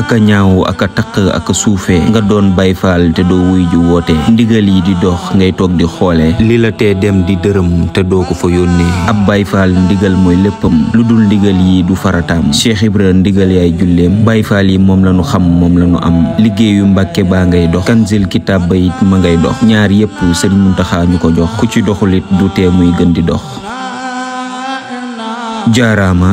aka ñaaw aka taq aka suufee nga doon bay te doo wuy ju woote ndigal yi di dox ngay toog di xoole li la tee dem di dërëm te doo ko fa yónnee ab bay ndigal mooy léppam lu dul ndigal yi du farataam Cheikh ndigal yaay julleem bay yi moom la nu xam moom la am liggéeyu mbàkke baa ngay dox kanzil kitaab ba it ma ngay dox ñaar yépp sëriñ Muntaxa ñu ko jox ku ci doxulit du tee muy gën di dox jaaraama